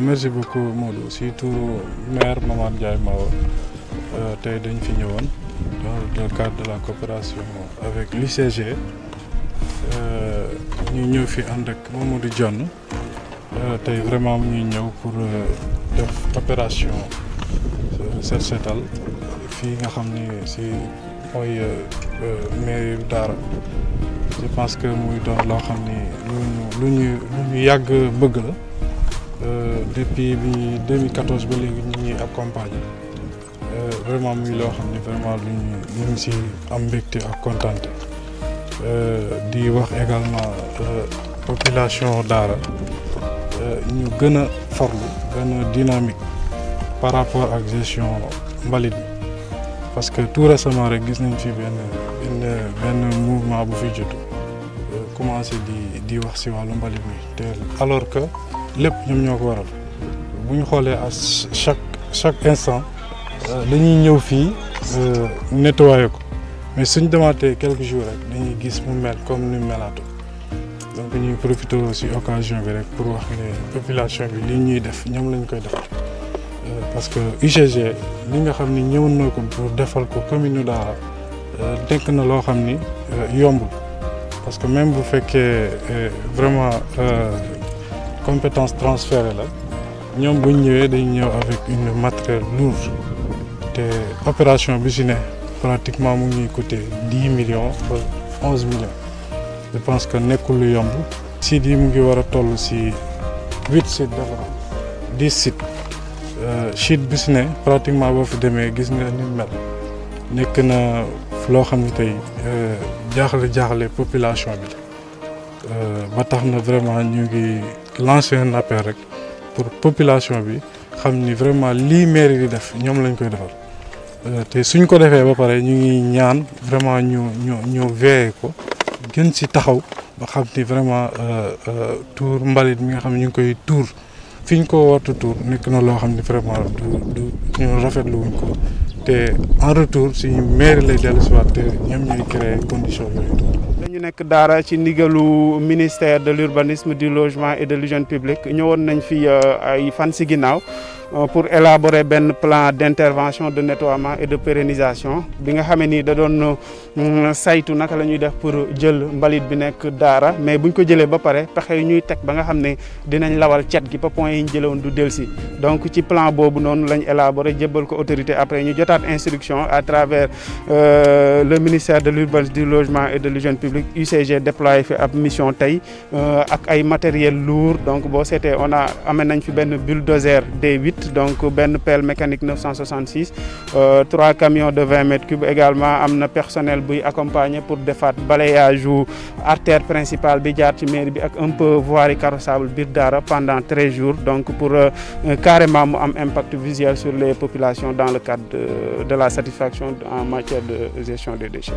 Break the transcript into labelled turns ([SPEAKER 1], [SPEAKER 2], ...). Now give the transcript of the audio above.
[SPEAKER 1] merci beaucoup, Maudou. Surtout, maire Maman Diaye Mao, euh, Taïden Fignon, dans le cadre de la coopération avec l'ICG. Nous sommes venus avec Maman John. Nous vraiment venus pour euh, faire l'opération euh, sur cette île. Nous sommes venus au maire d'Ara. Je pense que nous sommes venus à l'école. Euh, depuis 2014 nous léegi accompagné euh, vraiment muy lo xamni vraiment lu ñu ñu ngi am mbégte ak euh di wax euh, population euh ñu gëna une forme, une dynamique par rapport la gestion mbalit parce que tout récemment rek gis nañ un ben ben ben mouvement bu fi commencé di di wax ci walu alors que lépp ñom ñoo ko waral bu ñu xoolee à chaque chaque instant euh, dañuy ñëw fii euh, nettoyer ko mais suñ demaatee quelques jours rek dañuy gis mu mel comme ni melaatu donc ñuy profité aussi occasion bi rek pour wax ne population bi li ñuy def ñoom lañ koy def euh, parce que UGG li nga xam ni ñëwoon na ko pour defal ko commune Daara nekk na loo xam ni yombul parce que même bu fekkee vraiment compétences transférées là. Nous avec une matière lourde L'opération opération business pratiquement mu 10 millions 11 millions je pense que nous avons yomb. sites euh, Si sites sites pratiquement fi euh, population euh, vraiment lancer un rek pour population bi xam ni vraiment lii mairie di def ñoom lañ koy defal euh, te suñ ko defee ba pare ñu ngi ñaan vraiment ñu ñu ñu veiller ko gën si taxaw ba xam ni vraiment euh, euh, tour mbalit mi nga xam ne ñu ngi koy tour fi ñu ko wartu tuur nekk na loo xam ne vraiment du du ñu rafetlu wuñ ko te en retour suñu mairie lay dellusiwaat te ñoom ñooy créer condition yooyu
[SPEAKER 2] nekk daara ci ndigalu ministère de l'urbanisme du logement et de l'hygiène publique ñëwoon nañ fi euh, ay fan si ginnaaw Euh, pour élaborer un plan d'intervention de nettoyage et de pérennisation bi nga xamee ni da doon mm, saytu naka pour jël mbalit bi d'ARA, mais buñ ko avons ba pare pexe nous ñuy fait ba nga xam ne dinañ lawal cet gi ba point ñu du donc ce plan nous avons élaboré nous avons ko autorité après ñu jotaat instruction à travers euh, le ministère de l'urbanisme du logement et de l'hygiène publique UCG déployé une ab mission tey euh, avec ay matériel lourd donc bon, c'était on a amené un bulldozer D8 donc Ben pelle mécanique 966 euh, trois camions de 20 mètres cubes également un personnel accompagné pour défat balayage ou artère principale bi un peu voirie carrossable pendant 13 jours donc pour euh, carrément avoir impact visuel sur les populations dans le cadre de la satisfaction en matière de gestion des déchets